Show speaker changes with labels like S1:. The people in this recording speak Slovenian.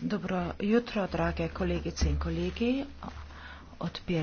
S1: dobro jutro drage kolegice in kolegi odpiram sejo.